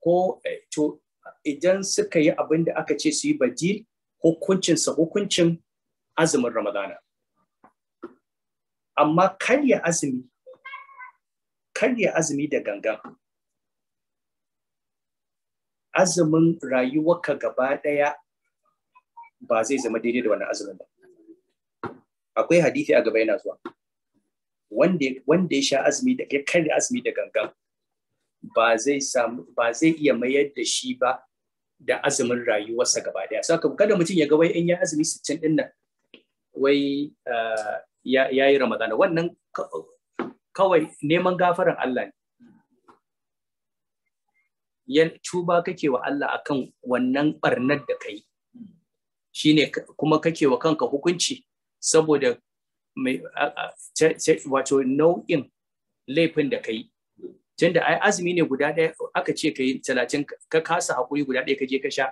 ko eh, to idan suka yi abin da aka ce su yi hukuncin hukuncinsa hukuncin azumin ramadana amma karya azumi karya azumi da gangan azumin rayuwarka gaba ɗaya ba zai zama daidai da wannan azumin ba akwai hadithi a gaba yana zuwa wanda ya sha azumi da ya karya azumi da gangan ba zai iya mayar da shi ba da azumin rayuwarsa gaba ɗaya saka kada mutum ya ga wai in ya azumi su can nan wai ah, ya yi ramadana wannan kawai neman gafaran Allah ne Yan tuba kake wa Allah akan wannan barnar da kai shine kuma kake wa kanka hukunci saboda wato nau'in laifin da kai tunda ai azumi ne guda ɗaya aka ce kai talatin ka kasa haƙuri guda ɗaya ka je ka sha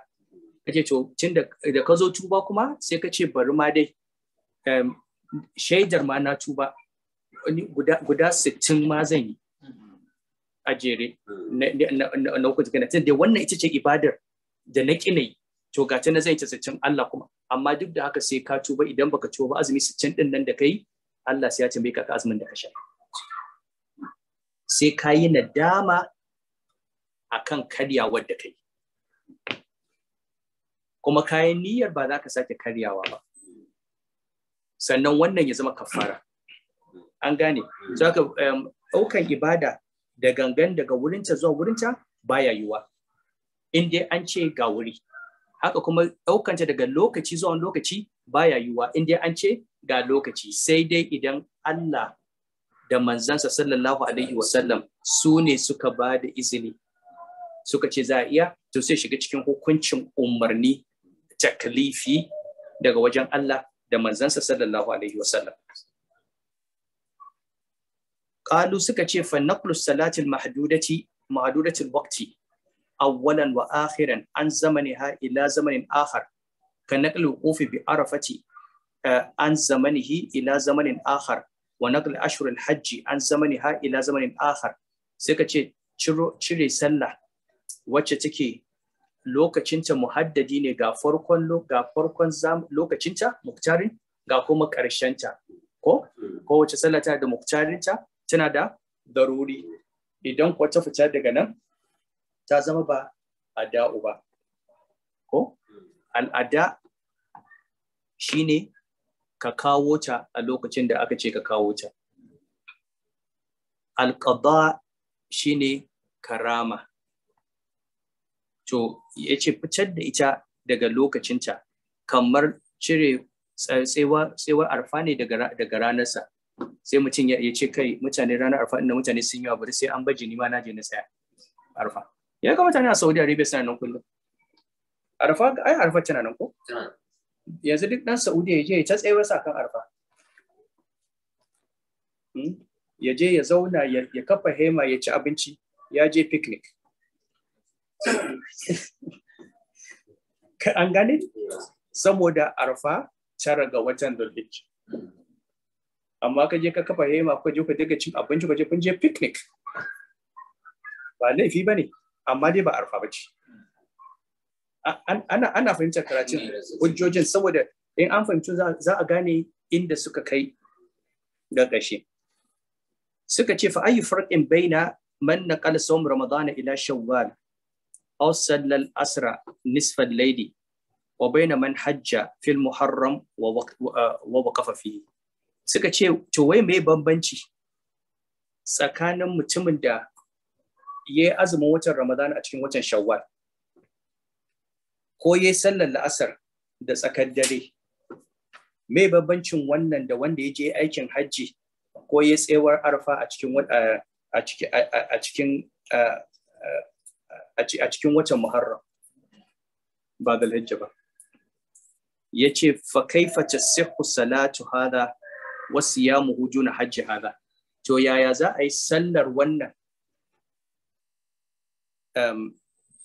kace to tunda da ka zo tuba kuma sai ka ce bari ma dai shaidar ma na tuba guda sittin ma zan yi a jere hmm. na uku cikin tun da wannan ita ce ibadar da na kina to ga na zai ce Allah kuma amma duk da haka sai ka tuba idan baka tuba ba azumi sittin din nan da kai Allah sai ya tambaye ka azumin da ka sha sai ka yi nadama akan karyawar da kai kuma kayan niyyar ba za ka sake karyawa ba sannan wannan ya zama kafara an gane so hmm. haka um, ɗaukan ibada da gangan daga wurinta zuwa wurinta baya yiwuwa in dai an ce ga wuri haka kuma ɗaukanta daga lokaci zuwa lokaci baya yiwuwa in dai an ce ga lokaci sai dai idan Allah da manzansa sallallahu alaihi wasallam su ne suka ba da izini suka ce za a iya to sai shiga cikin hukuncin umarni taklifi daga wajen Allah da manzansa sallallahu alaihi wasallam qalu suka ce fa naqlu salatil mahdudati mahdudatil waqti awwalan wa akhiran an zamaniha ila zamanin akhar ka naqli wuqufi bi arafati eh, an zamanihi ila zamanin akhar wa naqli ashhuril hajji an zamaniha ila zamanin akhar suka ce cire sallah wacce take lokacinta muhaddadi ne ga farkon lokacinta muktarin ga kuma ta ko kowace sallah tana da muktarinta tana da daruri idan kwace fita daga nan ta zama ba ada'u ba ko al'ada shine ka kawo ta a lokacin da aka ce ka kawo ta alƙaba shine karama to ya ce fitar da ita daga lokacinta kamar cire eh, tsewar arfa ne daga ranarsa sai mutum ya ce kai mutane ranar arfa inda mutane sun yi wa bari sai an baje ni ma na je na saya arfa ya ga mutane a Saudi Arabia suna nan kullum arfa ai arfa tana nan ko yanzu duk dan Saudi ya je ya ta tsayuwar sa kan arfa hmm? ya je ya zauna ya kafa hema ya ci abinci ya je picnic an gane saboda arfa tara ga watan dulhijja hmm. amma ka je ka kafa hema ka je ka daga cin abinci ka je kun je picnic ba laifi ba ne amma dai ba arfa ba ce ana ana fahimtar karatun hujjojin saboda in an fahimci za a gane inda suka kai ga ƙarshe suka ce fa ayi farqin baina man naqala sawm ramadana ila shawwal aw salla al asra nisfa al layli wa baina man hajja fil muharram wa waqafa fihi suka ce to wai me bambanci tsakanin mutumin da ya yi azumin watan Ramadan a cikin watan Shawwal ko ya sallar la'asar da tsakar dare me bambancin wannan da wanda ya je aikin hajji ko ya tsewar arfa a cikin a cikin watan Muharram ba da hajji ba yace fa kaifa tasihhu salatu hada wasu ya muhuju na hajji haza to yaya za a yi sallar wannan um,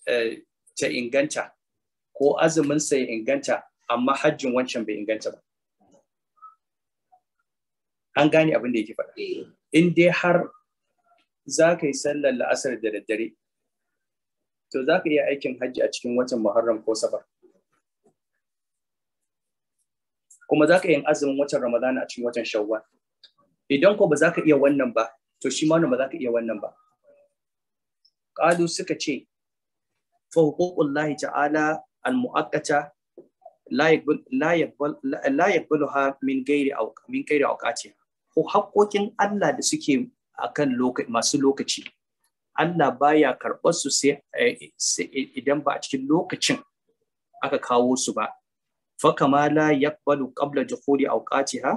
eh, ta inganta ko azumin sai inganta amma hajjin wancan bai inganta ba an gane abin da yake faɗa eh. in dai har za ka yi sallar la'asar da daddare to za ka iya aikin hajji a cikin watan muharram ko safar kuma za ka yi azumin watan ramadana a cikin watan shawwal idan ko ba za ka iya wannan ba to shi ma ba za ka iya wannan ba qalu suka ce fa lahi ta'ala al-mu'akkata la yaqbal la yaqbaluha min ghairi min ko haƙoƙin Allah da suke akan lokaci masu lokaci Allah baya karɓar su eh, sai idan ba a cikin lokacin aka kawo su ba fakama la yaqbalu qabla dukhuli awqatiha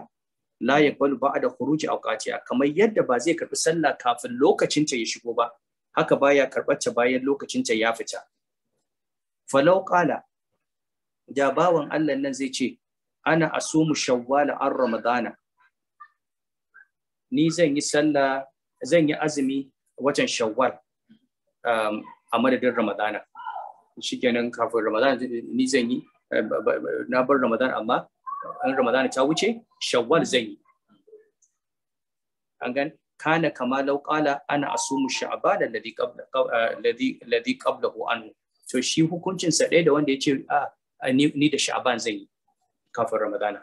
la yaqbalu da khuruji awqatiha kamar yadda ba zai karbi sallah kafin lokacin ta ya shigo ba haka baya karbar ta bayan lokacin ta ya fita falau qala da bawan Allah nan zai ce ana asumu shawwala an ramadana ni zan yi sallah zan yi azumi watan shawwal um, a madadin ramadana shikenan kafin ramadana ni zan yi na bar Ramadan amma in Ramadan ta wuce Shawwal zan yi an gan kana kama law qala ana asumu sha'ban alladhi qabla alladhi alladhi qablahu an to shi hukuncin sa da wanda yace a ah, ni da sha'ban zan yi kafin Ramadan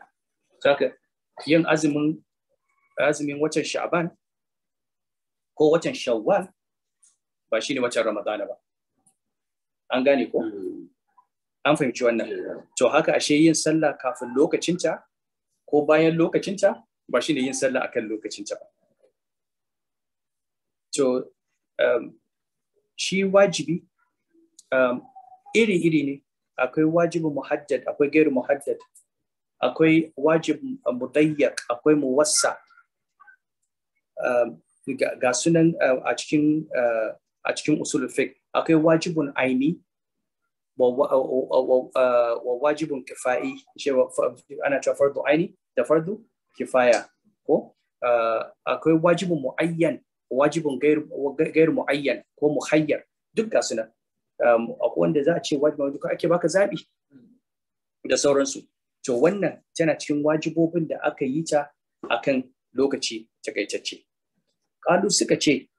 saka yin azumin azumin watan sha'ban ko watan shawwal ba shine watan Ramadan ba an gane ko hmm. an fahimci wannan to haka ashe yin sallah kafin lokacinta ko bayan lokacinta ba shi ne yin sallah akan lokacinta ba to um, shi wajibi um, iri-iri ne akwai wajibin muhaddad akwai gairu muhaddad akwai wajibin mudayyak akwai muwassa um, ga sunan uh, uh, a cikin usulul fiqh akwai wajibin aini wa wajibun kifa'i ana cewa aini da fardu kifaya ko akwai wajibun muayyan wajibun gair muayyan ko muhayyar duk ga suna akwai wanda za a ce wajibin wajibin ake baka zaɓi da sauransu to wannan tana cikin wajibobin da aka yi ta a kan lokaci takaitacce kalu suka ce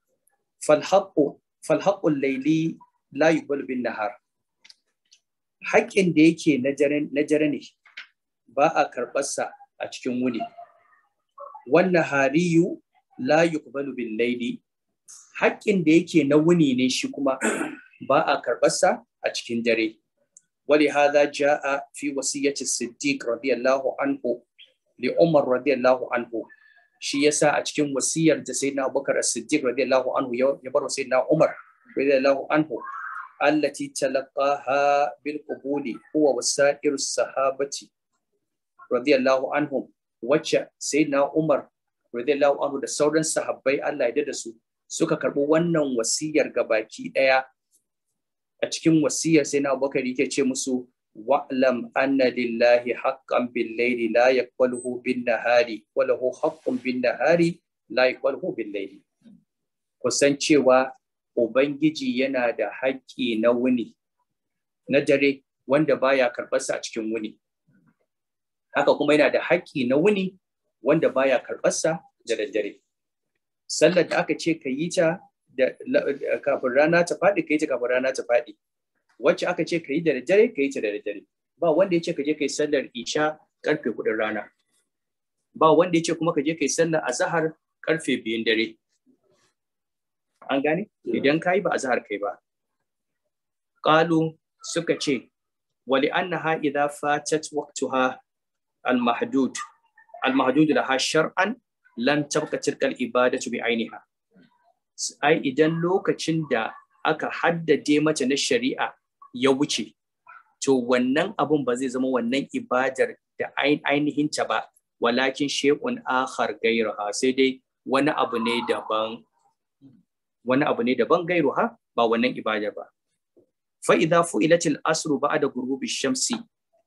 falhaqqu laili la yuqbal nahar haƙƙin da yake na jare ne ba a karɓarsa a cikin wuni wannan hariyu la yuqbalu bil laili haƙƙin da yake na wuni ne shi kuma ba a karɓarsa a cikin dare wali hadha jaa fi wasiyyati siddiq radiyallahu anhu li umar radiyallahu anhu shi yasa a cikin wasiyar da sayyidina abubakar siddiq radiyallahu anhu ya bar sayyidina umar radiyallahu anhu allati talaqaha bil qubuli huwa wasairu sahabati radiyallahu anhum wacce sayyidina Umar radiyallahu anhu da sauran sahabbai Allah ya da su suka karbi wannan wasiyar gabaki daya a cikin wasiyar sayyidina Abubakar yake ce musu wa'lam anna lillahi haqqan bil layli la yaqbaluhu bin nahari wa lahu haqqun bin nahari la yaqbaluhu bil layli kusan cewa Ubangiji yana da haƙƙi na wuni, na dare wanda baya karɓarsa a cikin wuni. Haka kuma yana da haƙƙi na wuni wanda baya karɓarsa da daddare. Sallar da aka ce ka yi ta kafin rana ta faɗi, ka yi ta kafin rana ta faɗi. Wacce aka ce ka yi da daddare, ka yi ta da daddare. Ba wanda ya ce ka je ka yi sallar isha ƙarfe kuɗin rana. Ba wanda ya ce kuma ka je ka yi sallar azahar ƙarfe biyun dare. an gane idan kai ba azhar kai ba qalu suka ce wali annaha idha fatat waqtuha al mahdud al mahdud la shar'an lan tabqa al ibadatu bi ainiha ai idan lokacin da aka haddade mata na shari'a ya wuce to wannan abun ba zai zama wannan ibadar da ainihinta ba walakin shay'un akhar gairaha sai dai wani abu ne daban wani abu ne daban ha ba wannan ibada ba fa idza fu'ilatil asru ba'da ghurubi shamsi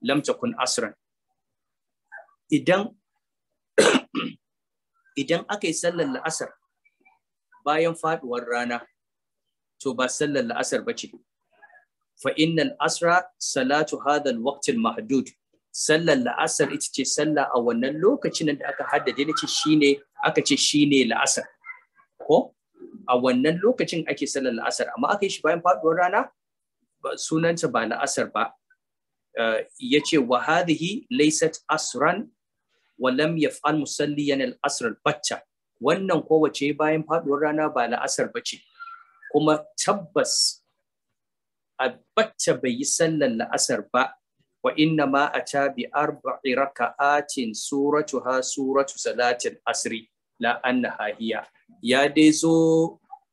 lam takun asran idan idan aka yi sallar la'asar bayan faduwar rana to ba sallar la'asar bace fa innal asra salatu hadha al mahdud sallar la'asar ita ce sallah a wannan lokacin da aka haddade ne ce shine aka ce shine la'asar ko a wannan lokacin ake salar la'asar amma aka yi shi bayan faduwar rana sunanta ba la'asar ba eh, ya ce wa hadhihi laysat asran wa lam yaf'al musalliyan al-asr al-bacca wannan kowace bayan faduwar rana ba la'asar ba ce kuma tabbas a bacca bai yi sallar la'asar ba wa inna ma a ta bi arba'i raka'atin suratuha suratu salatin asri la annaha hiya ya dai zo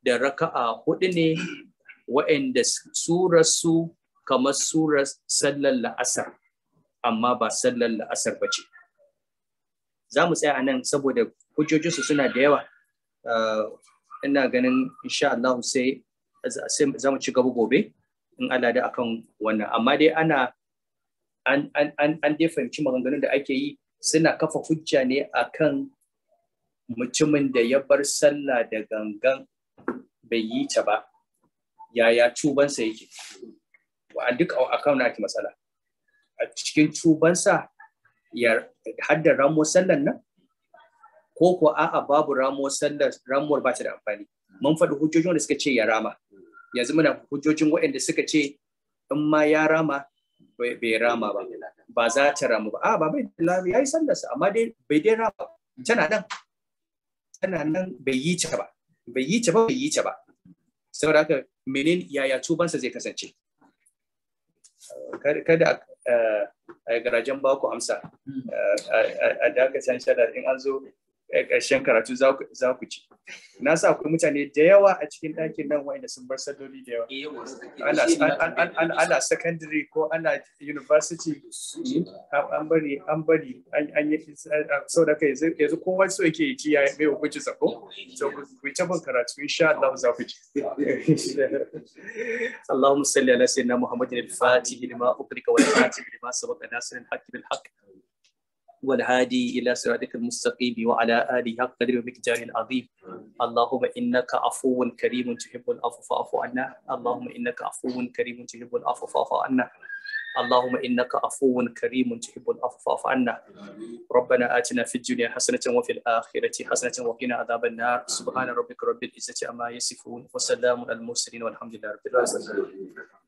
da raka'a hudu ne wa'anda su kamar surar sallar la'asar amma ba sallar la'asar ba ce za mu tsaya a nan saboda su suna da yawa uh, ina ganin insha Allah sai za mu ci gaba gobe in Allah da akan wannan amma dai ana an dai fahimci maganganun da ake yi suna kafa hujja ne akan mutumin da ya bar sallah da gangan bai yi ta ba yaya tubansa yake wa duk a kan matsala a cikin tubansa ya haddar ramo sallan nan ko ko a'a babu ramo sallar ramuwar ba ta da amfani mun faɗi hujjojin da suka ce ya rama yanzu muna hujjojin waɗanda suka ce in ma ya rama bai rama ba ba za ta ramu ba a ba bai ya yi sallarsa amma dai bai dai rama tana nan tana nan bai yi ta ba bai yi ta ba bai yi ta ba saboda haka menene yaya tubansa zai kasance kada eh, a garajen baku amsa hmm. eh, a dakatan shadar in an zo ƙarshen karatu za ku ci. Na sa akwai mutane da yawa a cikin ɗakin nan wa'inda sun bar salloli da yawa. Eh, ana secondary ko ana university an bari an bari an yi sau da kai yanzu kowa so yake ji ya mai hukunci sako. So ku ta bin karatu insha Allah za ku ci. Allahumma salli ala sayyidina Muhammadin al-Fatih lima ukhrika wal Fatih lima sabaqa nasrul haqqi bil haqq والهادي إلى صراطك المستقيم وعلى آله حق قدر ومقدار العظيم اللهم إنك عفو كريم تحب العفو فاعف عنا اللهم إنك عفو كريم تحب العفو فاعف عنا اللهم إنك عفو كريم تحب العفو فاعف عنا ربنا آتنا في الدنيا حسنة وفي الآخرة حسنة وقنا عذاب النار سبحان ربك رب العزة عما يصفون وسلام على المرسلين والحمد لله رب العالمين